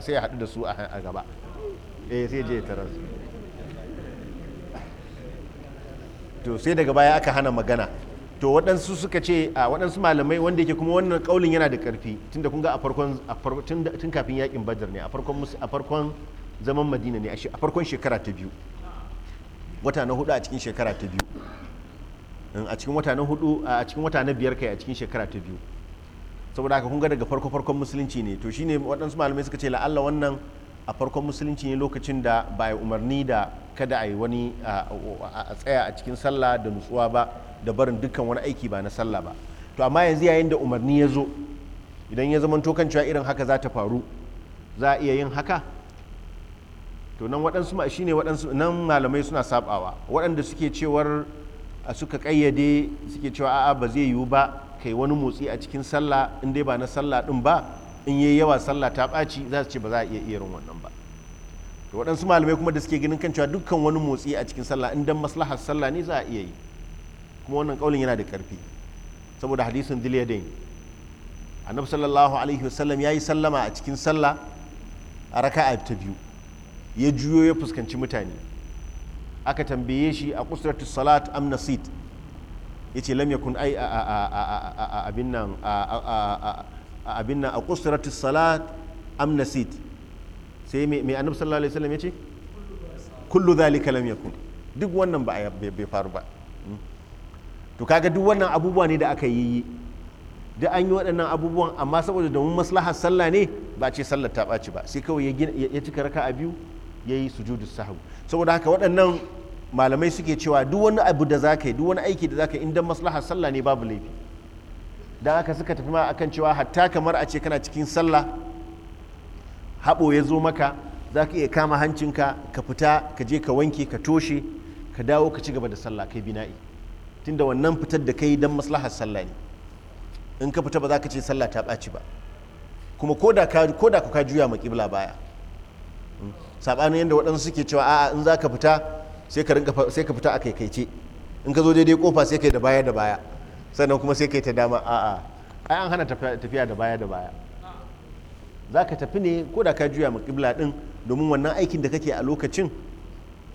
sai ya haɗu da su a gaba eh sai je ya tarar to sai daga baya aka hana magana to waɗansu suka ce a waɗansu malamai wanda yake kuma wannan kaulin yana da ƙarfi tunda kun ga a farkon tun kafin yakin badar ne a farkon zaman madina ne a farkon shekara ta biyu wata na hudu a cikin shekara ta biyu a cikin wata na hudu a cikin wata na biyar kai a cikin shekara ta biyu saboda haka kun ga daga farko farkon musulunci ne to shine waɗansu malamai suka ce la'alla wannan a farkon musulunci ne lokacin da ba ya umarni da kada a yi wani a tsaya a cikin sallah da nutsuwa ba da barin dukkan wani aiki ba na sallah ba to amma yanzu yayin da umarni ya zo idan ya zama to irin haka za ta faru za a iya yin haka to nan waɗansu ma shine waɗansu nan malamai suna sabawa waɗanda suke cewar suka kayyade suke cewa a'a ba zai yiwu ba kai wani motsi a cikin sallah in dai ba na sallah din ba in yayi yawa sallah ta ɓaci za su ce ba za a iya irin wannan ba to waɗansu malamai kuma da suke ganin kan cewa dukkan wani motsi a cikin sallah in dan maslahar sallah ne za a iya yi kuma wannan kaulin yana da ƙarfi saboda hadisin dilyadain annabi sallallahu alaihi wasallam yayi sallama a cikin sallah a raka'a ta biyu ya juyo ya fuskanci mutane aka tambaye shi a kusratu salat am ya ce lam yakun ai a abin nan a abin nan a kusratu salat am sai mai annabi sallallahu alaihi wasallam ce kullu zalika lam yakun duk wannan ba bai faru ba to kaga duk wannan abubuwa ne da aka yi da an yi waɗannan abubuwan amma saboda domin maslahar sallah ne ba ce sallar ta ɓaci ba sai kawai ya cika raka a biyu ya yi sujudu sahu saboda haka waɗannan malamai suke cewa duk wani abu da za yi duk wani aiki da zaka yi indan maslahar sallah ne babu laifi dan haka suka tafi ma akan cewa hatta kamar a ce kana cikin sallah haɓo ya zo maka zaka iya kama hancinka ka fita ka je ka wanke ka toshe ka dawo ka ci gaba da sallah kai bina'i tunda wannan fitar da kai dan maslahar sallah ne in ka fita ba za ka ce sallah ta ɓaci ba kuma ko da ka juya ma kibla baya sabanin yadda waɗansu suke cewa a'a in za ka fita sai ka fita a kaikaice in ka zo daidai kofa sai kai da baya da baya sannan kuma sai kai ta dama a'a ai an hana tafiya da baya da baya za ka tafi ne ko da ka juya maƙibla ɗin din domin wannan aikin da kake a lokacin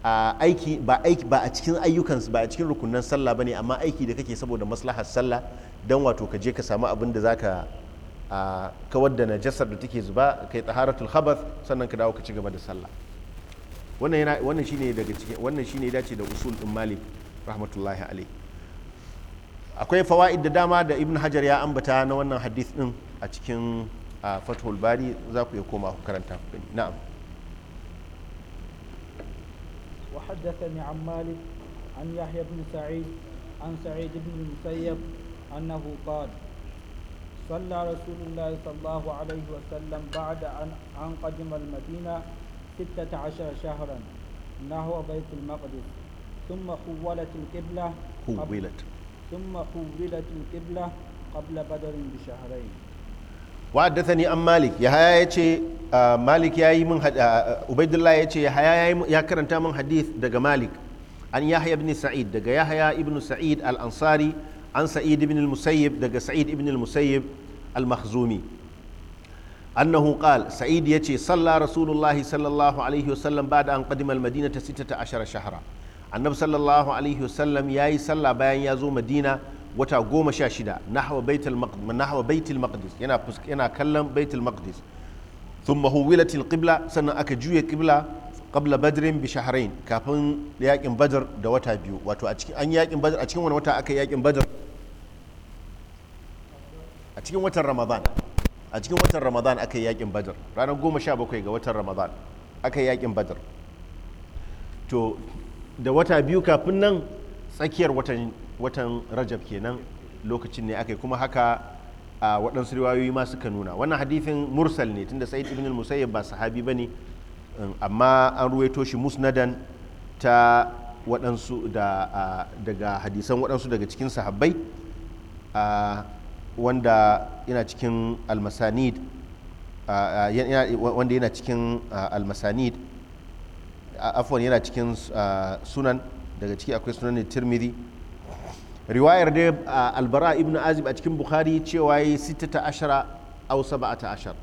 a aiki ba aiki ba a cikin ayyukan ba a cikin rukunan sallah bane amma aiki da kake saboda maslahar sallah dan wato ka je ka samu abin da zaka a kawar da najasar da take zuba kai taharatul khabath sannan ka dawo ka ci gaba da sallah wannan yana wannan shine daga cikin wannan shine dace da usul din malik rahmatullahi alayhi akwai fawaid da dama da ibn hajar ya ambata na wannan hadith din a cikin fathul bari za ku iya koma ku karanta na'am haddathani an malik an yahya ibn sa'id an sa'id ibn musayyab annahu qala صلى رسول الله صلى الله عليه وسلم بعد أن, أن قدم المدينة ستة عشر شهرا نحو بيت المقدس ثم خولت القبلة خولت ثم خولت القبلة قبل بدر بشهرين وحدثني أم مالك يحيى يتي مالك يا من عبيد الله يتي يحيى يا كرنتا من حديث دغ مالك عن يحيى بن سعيد دغ يحيى ابن سعيد الأنصاري an sa'id ibn al-musayyib daga sa'id ibn al-musayyib al-makhzumi annahu qal sa'id yace salla rasulullahi sallallahu alaihi wasallam ba'da an qadima al-madina ta 16 shahra annab sallallahu alaihi wasallam yayi sallah bayan ya zo madina wata goma sha shida nahwa baitul maqdis nahwa baitul maqdis yana yana kallon baitul maqdis thumma huwilat al-qibla sannan aka juye qibla qabla badrin bi shahrain kafin yakin badar da wata biyu wato a cikin an yakin badar a cikin wani wata aka yakin badar a cikin watan ramadan a cikin watan ramadan aka yi yakin badar ranar goma sha bakwai ga watan ramadan aka yi yakin badar to da wata biyu kafin nan tsakiyar watan watan rajab kenan lokacin ne aka yi kuma haka a waɗansu riwayoyi ma suka nuna wannan hadithin mursal ne tunda sai ibn al-musayyib ba sahabi bane um, amma an ruwaito shi musnadan ta waɗansu daga hadisan waɗansu daga cikin sahabbai wanda yana cikin almasanid wanda yana cikin almasanid afwan yana cikin sunan daga ciki akwai sunan tirmidhi riwayar dai albara ibn azib a cikin bukhari cewa yi sittata ashara au ta ashar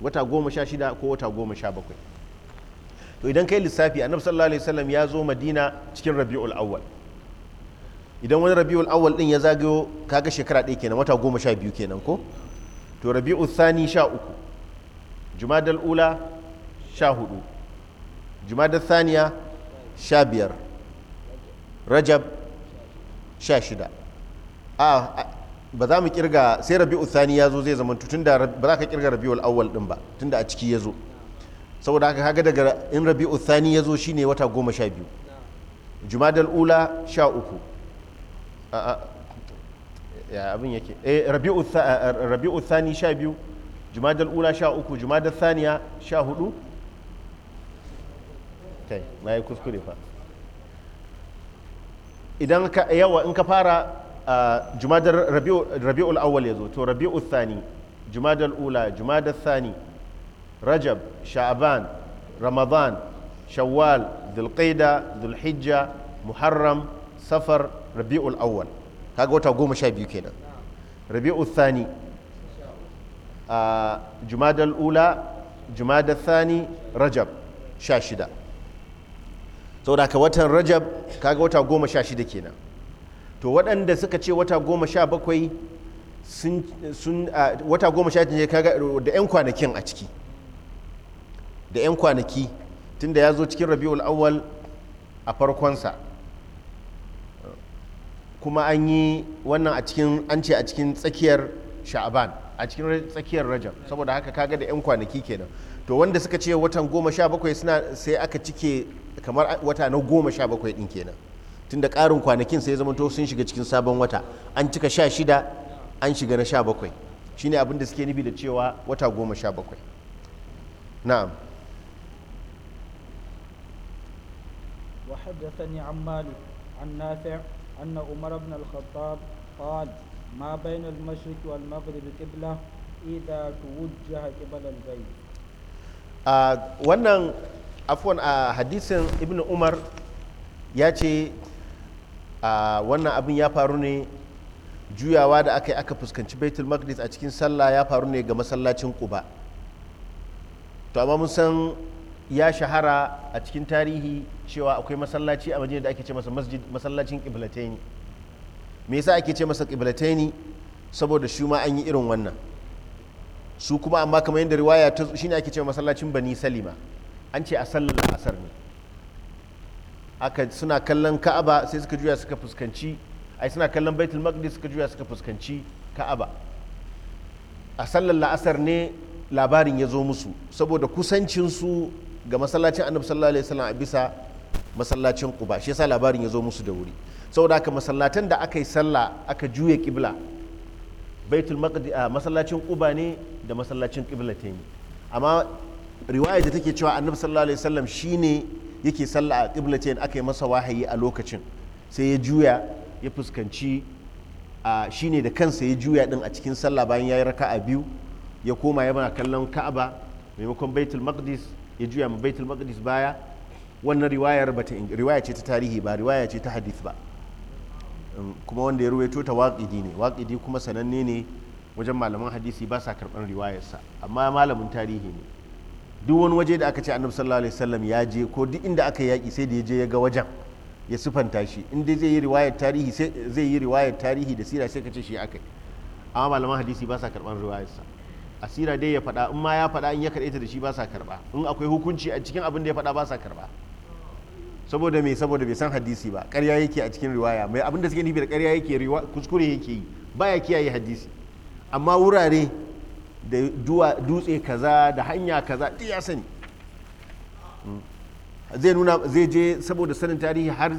wata goma sha shida ko wata goma sha bakwai to idan kai lissafi annabi sallallahu alaihi wasallam ya zo madina cikin rabi'ul awwal idan wani rabi'ul awwal din ya zagayo kaga shekara ɗaya kenan wata goma sha biyu kenan ko to rabi'u sani sha uku jumadal ula sha hudu jumadal saniya sha biyar rajab sha shida a ba za mu kirga sai rabi'u sani ya zo zai zama tun da ba za ka kirga rabi'ul awwal din ba tun da a ciki ya zo saboda haka kaga daga in rabi'u sani ya zo shine wata goma sha biyu jumadal ula sha uku ya abin yake eh rabi'u thani sha biyu jumadal ula sha uku jumadal thaniya sha hudu kai na yi kuskure fa idan ka yawa in ka fara jumadar rabi'ul awwal ya zo to rabi'ul thani jumadal ula jumadal thani rajab sha'aban ramadan shawwal dhulqaida dhulhijja muharram safar rabi'ul awwal kaga wata goma sha biyu kenan rabi'ul thani a ah, jumadal ula jumadal thani rajab sha shida saboda ka watan rajab kaga wata goma sha shida kenan to waɗanda suka ce wata goma sha bakwai sun ah, wata goma sha ne kaga da 'yan kwanakin a ciki da 'yan kwanaki tunda ya zo cikin rabi'ul awwal a farkonsa kuma an yi wannan a cikin an ce a cikin tsakiyar sha'aban a cikin tsakiyar rajab saboda haka kaga da 'yan kwanaki kenan to wanda suka ce watan goma sha bakwai suna sai aka cike kamar wata na goma sha bakwai din kenan tunda ƙarin kwanakin sai zama to sun shiga cikin sabon wata an cika sha shida an shiga na sha bakwai shine abin da suke nufi da cewa wata goma sha bakwai na'am an أن عمر بن الخطاب قال ما بين المشرق والمغرب قبلة إذا توجه قبل البيت wannan afwan a hadisin ibn umar ya ce wannan abin ya faru ne juyawa da aka yi aka fuskanci baitul maqdis a cikin sallah ya faru ne ga masallacin quba to amma mun san ya shahara a cikin tarihi cewa akwai masallaci a madina da ake ce masa masjid masallacin qiblataini me yasa ake ce masa qiblataini saboda shi ma an yi irin wannan su kuma amma kamar yadda riwaya ta shine ake ce masallacin bani salima an ce a sallar asar ne aka suna kallon ka'aba sai suka juya suka fuskanci ai suna kallon baitul maqdis suka juya suka fuskanci ka'aba a sallar la'asar ne labarin ya zo musu saboda kusancinsu ga masallacin annabi sallallahu alaihi wasallam a bisa masallacin quba shi yasa labarin ya zo musu da wuri saboda haka masallatan da aka yi sallah aka juya qibla baitul maqdis masallacin quba ne da masallacin ta yi amma riwaya da take cewa annabi sallallahu alaihi wasallam shine yake sallah a qiblatain aka yi masa wahayi a lokacin sai ya juya ya fuskanci shine da kansa ya juya din a cikin sallah bayan ya yi raka'a biyu ya koma ya bana kallon ka'aba maimakon baitul maqdis ya juya ma baitul maqdis baya wannan riwayar bata riwaya ce ta tarihi ba riwaya ce ta hadith ba um, kuma wanda ya ruwaito ta waƙidi ne waƙidi kuma sananne ne wajen malaman hadisi ba sa karɓar riwayarsa amma malamin tarihi ne duk wani waje da aka ce annabi sallallahu alaihi wasallam ya je ko duk inda aka yaki sai da ya je ya ga wajen ya sifanta shi in dai zai yi riwayar tarihi sai zai yi riwayar tarihi da sira sai ka ce shi akai amma malaman hadisi ba sa karɓar riwayarsa asira dai ya faɗa in ma ya faɗa in ya karɓe ta da shi ba sa karɓa in akwai hukunci a cikin abin da ya faɗa ba sa karɓa saboda me saboda bai san hadisi ba ƙarya yake a cikin riwaya mai abin da suke nufi da ƙarya yake kuskure yake yi baya kiyaye hadisi amma wurare da dutse kaza da hanya kaza duk ya sani hmm. zai nuna zai je saboda sanin tarihi har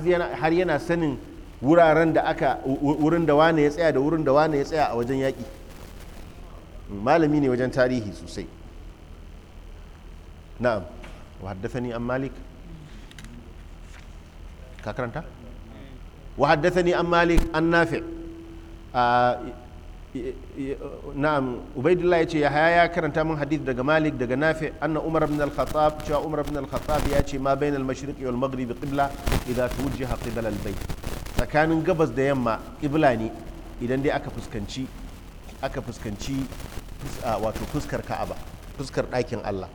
yana sanin wuraren da aka wurin da wane ya tsaya da wurin da wane ya tsaya a wajen yaƙi malami ne wajen tarihi sosai na'am wa haddathani an malik ka karanta wa haddathani an malik an nafi na'am ubaidullah yace yahaya ya karanta min hadith daga malik daga nafi anna umar ibn al-khattab cewa umar ibn al-khattab ya ce ma bainal mashriqi wal maghribi qibla idza tuwajjaha qibla al-bayt tsakanin gabas da yamma qibla ne idan dai aka fuskanci aka fuskanci Ah, wato fuskar ka'aba fuskar ɗakin allah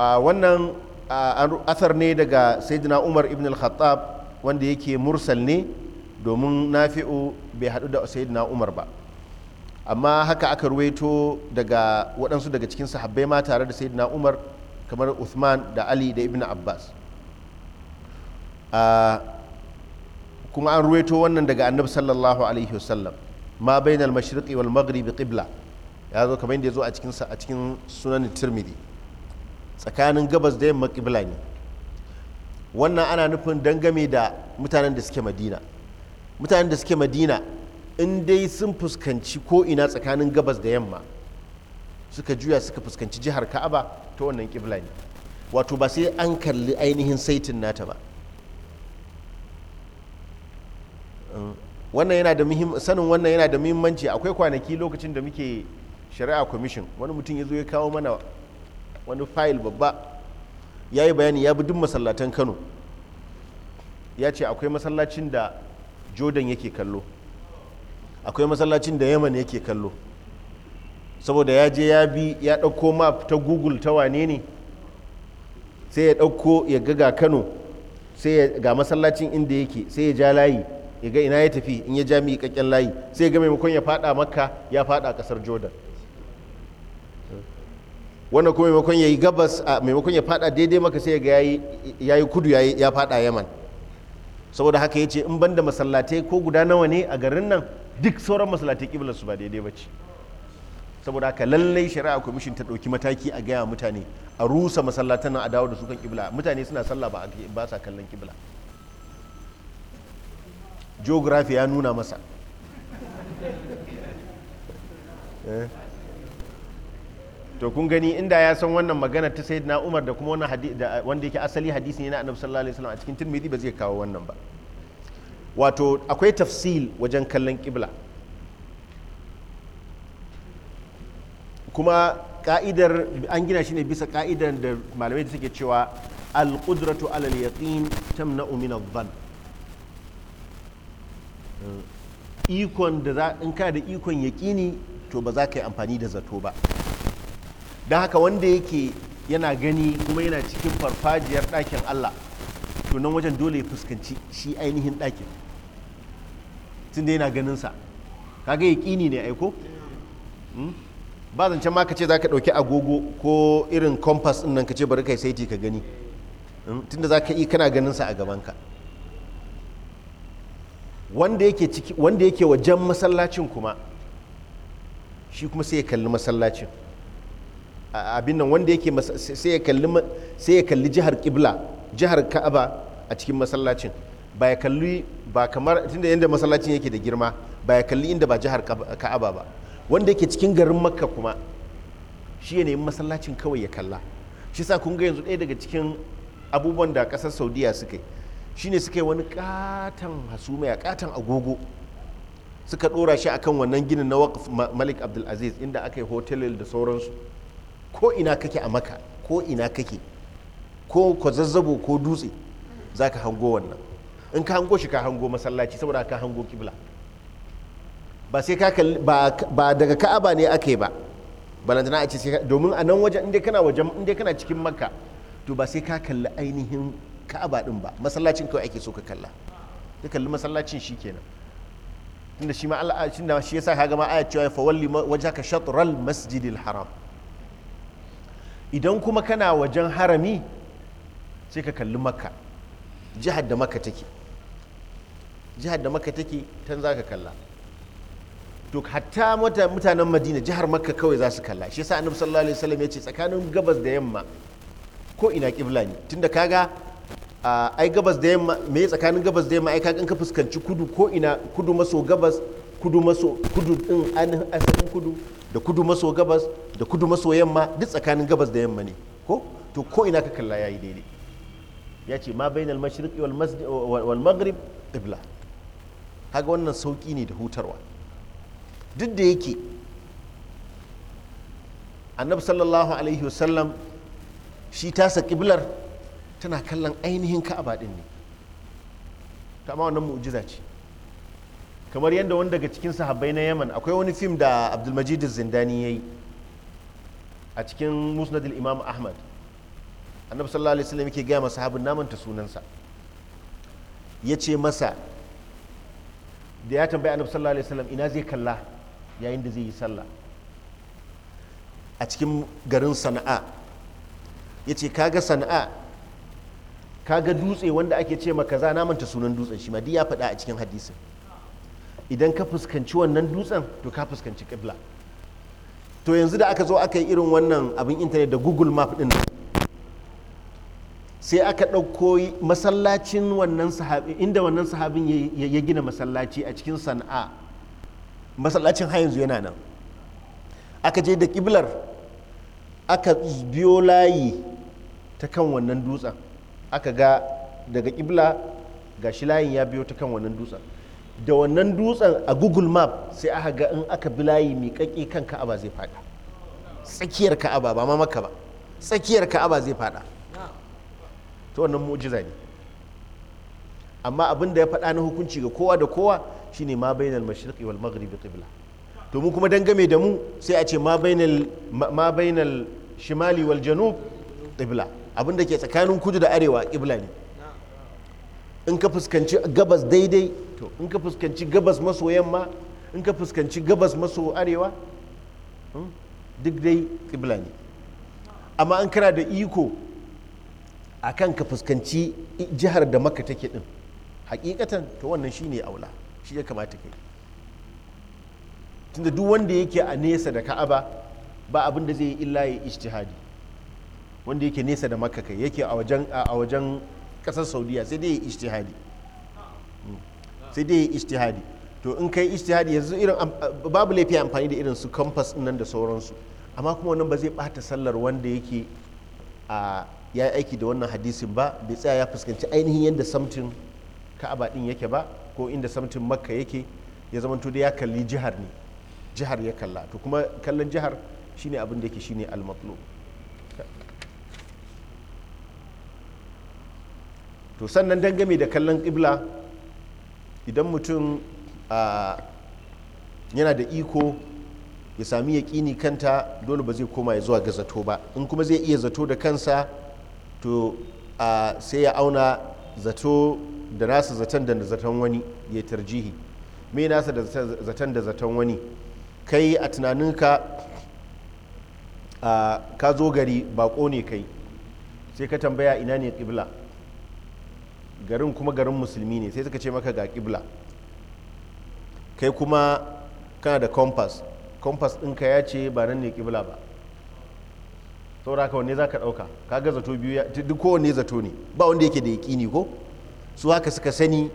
ah, wannan ah, asar ne daga sayyidina umar ibn al-khattab wanda yake mursal ne domin nafi'u bai haɗu da sayyidina umar ba amma haka aka ruwaito daga waɗansu daga cikin sahabbai ma tare da sayyidina umar kamar uthman da ali da ibn abbas kuma an ruwaito wannan daga annabi sallallahu alaihi wasallam ma al mashriqi wal maghribi qibla ya zo kamar inda ya zo a cikin a cikin sunan tirmidhi tsakanin gabas da yamma qibla ne wannan ana nufin dangame da mutanen da suke madina mutanen da suke madina in dai sun fuskanci ko ina tsakanin gabas da yamma suka juya suka fuskanci jihar ka'aba ta wannan kibla ne wato ba sai an kalli ainihin saitin nata ba wannan yana da sanin wannan yana da muhimmanci akwai kwanaki lokacin da muke shari'a commission wani mutum ya zo ya kawo mana wani fayil babba ya yi bayani ya bi duk masallatan kano ya ce akwai masallacin da jordan yake kallo akwai masallacin da yaman yake kallo saboda ya je ya bi ya ɗauko map ta google ta wane ne sai ya ɗauko ya ga kano sai ga masallacin inda yake sai ya ja layi ya ga ina ya tafi in ya ja kakken layi sai ga maimakon ya fada makka ya fada kasar jordan wannan kuma maimakon ya yi gabas a maimakon ya fada daidai maka sai ga ya yi kudu ya fada yaman saboda haka ya ce in ban da masallatai ko guda nawa ne a garin nan duk sauran masallatai kibla su ba daidai ba ce saboda haka lallai shari'a kwamishin ta dauki mataki a gaya mutane a rusa masallatan nan a dawo da su kan kibla mutane suna sallah ba a ba sa kallon kibla geography ya nuna masa eh. to kun gani inda ya san wannan magana ta sayyidina Umar da kuma wannan wanda yake asali hadisi ne na Annabi sallallahu alaihi wasallam a cikin Tirmidhi ba zai kawo wannan ba wato akwai tafsil wajen kallon kibla kuma ka'idar an gina shi ne bisa ka'idar da malamai da suke cewa al-qudratu alal yaqin tamna'u min adh ikon da za in ka da ikon yaƙini to ba za ka yi amfani da zato ba don haka wanda yake yana gani kuma yana cikin farfajiyar ɗakin Allah to nan wajen dole ya fuskanci shi ainihin ɗakin tun da yana ganinsa kaga yaƙini ne aiko hmm? ba zancen ma ka ce za ka ɗauki agogo ko irin kompas ɗin nan ka ce bari kai saiti ka gani hmm? tun da za ka yi kana ganinsa a gabanka wanda yake wajen masallacin kuma shi kuma sai ya kalli masallacin abin nan wanda yake sai ya kalli jihar kibla jihar ka'aba a cikin masallacin ba ya kalli ba kamar tunda yadda masallacin yake da girma ba ya kalli inda ba jihar ka'aba ba wanda yake cikin garin makka kuma shi ya nemi masallacin kawai ya kalla shi sa kun ga yanzu ɗaya daga cikin abubuwan da ƙasar saudiya suka yi shine suka yi wani katon hasumiya katon agogo suka dora shi akan wannan ginin na waqf malik abdulaziz inda aka yi hotel da sauransu ko ina kake a maka ko ina kake ko kwazazzabo ko dutse za ka hango wannan in ka hango shi ka hango masallaci saboda ka hango kibla ba sai ka kalli ba daga ka'aba ne aka yi ba balantana a ce domin a nan wajen inda kana wajen inda kana cikin makka to ba sai ka kalli ainihin ka'aba din ba masallacin kawai ake so ka kalla ka kalli masallacin shi kenan tunda shi ma Allah tunda shi yasa ga ma ayat cewa fa walli wajhaka shatral masjidil haram idan kuma kana wajen harami sai ka kalli makka jihar da makka take jihar da makka take tan za ka kalla to hatta mutanen madina jihar makka kawai za su kalla shi yasa annabi sallallahu alaihi wasallam ya ce tsakanin gabas da yamma ko ina kibla ne tunda kaga ai gabas da yamma me tsakanin gabas da yamma ai kakan ka fuskanci kudu ko ina kudu maso gabas kudu maso kudu din ainihin asalin kudu da kudu maso gabas da kudu maso yamma duk tsakanin gabas da yamma ne ko to ko ina ka kalla yayi daidai ya ce ma bainal mashriqi wal wal maghrib qibla kaga wannan sauki ne da hutarwa duk da yake annabi sallallahu alaihi wasallam shi tasa kiblar tana kallon ainihin ka'aba din ne ta ma wannan mu'jiza ce kamar yadda wani daga cikin sahabbai na yaman akwai wani fim da abdulmajid zindani ya yi a cikin musnadil imam ahmad annabi sallallahu alaihi wasallam yake gaya masa sahabin namanta sunansa ya ce masa da ya tambaya annabi sallallahu alaihi wasallam ina zai kalla yayin da zai yi sallah a cikin garin sana'a ya ce kaga sana'a kaga dutse wanda ake ce ma kaza na manta sunan dutsen shi ma duk ya faɗa a cikin hadisin idan ka fuskanci wannan dutsen to ka fuskanci kibla to yanzu da aka zo aka yi irin wannan abin intanet da google map din sai aka ɗauko masallacin wannan sahabi inda wannan sahabin ya gina masallaci a cikin sana'a masallacin har yanzu yana nan aka je da kiblar aka biyo layi ta kan wannan dutsen aka ga daga ƙibla ga shi layin ya biyo ta kan wannan dutsen da wannan dutsen a google map sai aka ga in aka bi layi miƙaƙƙi kan ka'aba zai faɗa tsakiyar ka'aba ba ma maka ba tsakiyar ka'aba zai faɗa ta wannan mu'jiza ne amma abin da ya faɗa na hukunci ga kowa da kowa shine ma bainal mashriqi wal maghribi qibla to mu kuma dangame da mu sai a ce ma bainal ma shimali wal janub qibla abin da ke tsakanin kudu da arewa ƙibla ne in ka fuskanci gabas daidai to in ka fuskanci gabas maso yamma in ka fuskanci gabas maso arewa hmm, duk dai ƙibla ne amma an kana da iko a kan ka fuskanci jihar da maka take din hakikatan to wannan shi ne aula shi ya kamata kai tunda duk wanda yake a nesa da ka'aba ba abin da zai yi illa ya ijtihadi wanda yake nesa da makka kai yake a wajen kasar saudiya sai dai ya hmm. sai dai ya to in kai ishtihadi yanzu irin babu laifi amfani da irin su kamfas nan da sauransu amma kuma wannan ba zai bata sallar wanda yake a ya aiki da wannan hadisin ba bai tsaya ya fuskanci ainihin yadda samtin ka'aba din yake ba ko inda samtin makka yake ya zamanto da ya kalli jihar ne jihar ya kalla to kuma kallon jihar shine abin da yake shine al-matlub to sannan dangane da kallon ƙibla idan mutum yana da iko ya sami yaƙini kanta dole ba zai koma ya zuwa ga zato ba in kuma zai iya zato da kansa to sai ya auna zato da nasa zaton da zaton wani ya tarjihi mai nasa da zaton da zaton wani kai a tunaninka ka zo gari bako ne kai sai ka tambaya ina ne ƙibla garin kuma garin musulmi ne sai suka ce maka ga kibla kai kuma kana da compass compass ɗinka ya ce ba nan ne kibla ba saboda haka wanne za ka ɗauka ga zato biyu ya duk kowanne zato ne ba wanda yake da yaƙini ko su haka suka sani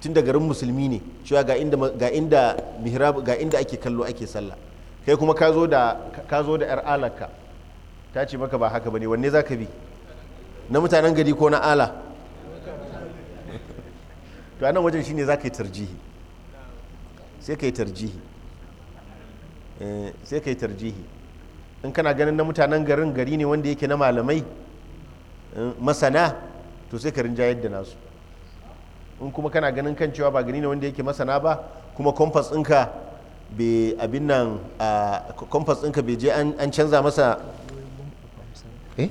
tun da garin musulmi ne cewa ga inda ga inda mihrab ga inda ake kallo ake sallah kai kuma ka zo da ka zo da yar alaka ta ce maka ba haka bane wanne za ka bi na mutanen gari ko na ala to a nan wajen shine za ka yi tarjihi sai ka yi tarjihi eh, sai ka yi tarjihi in kana ganin na mutanen garin gari ne wanda yake na malamai eh, masana to sai ka rinja yadda nasu in kuma kana ganin kan cewa ba gari ne wanda yake masana ba kuma komfas ɗinka be abin nan komfas ah, ɗinka be je an canza masa eh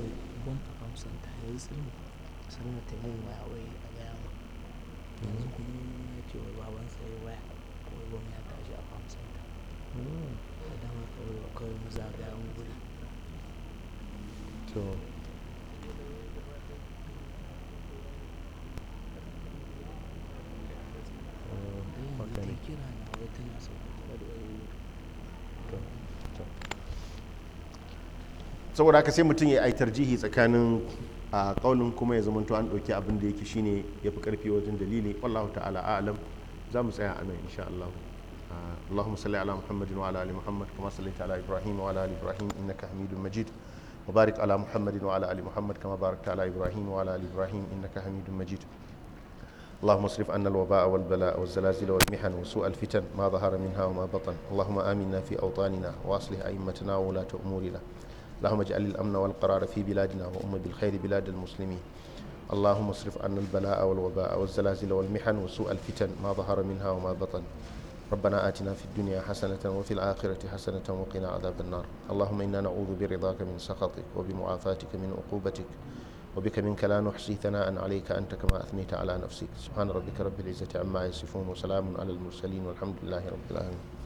saboda haka sai mutum ya yi tarjihi tsakanin a kaunin kuma ya zamanto an ɗauki abin da yake shine ya fi ƙarfi wajen dalili wallahu ta'ala a'lam za mu tsaya a nan insha Allah اللهم صل على محمد وعلى ال محمد كما صليت على ابراهيم وعلى ال ابراهيم انك حميد مجيد وبارك على محمد وعلى ال محمد كما باركت على ابراهيم وعلى ال ابراهيم انك حميد مجيد اللهم اصرف عنا الوباء والبلاء والزلازل والمحن وسوء الفتن ما ظهر منها وما بطن اللهم امنا في اوطاننا واصلح ائمتنا وولاه امورنا اللهم اجعل الأمن والقرار في بلادنا وأم بالخير بلاد المسلمين اللهم اصرف عنا البلاء والوباء والزلازل والمحن وسوء الفتن ما ظهر منها وما بطن ربنا آتنا في الدنيا حسنة وفي الآخرة حسنة وقنا عذاب النار اللهم إنا نعوذ برضاك من سخطك وبمعافاتك من عقوبتك وبك منك لا نحصي ثناء عليك أنت كما أثنيت على نفسك سبحان ربك رب العزة عما يصفون وسلام على المرسلين والحمد لله رب العالمين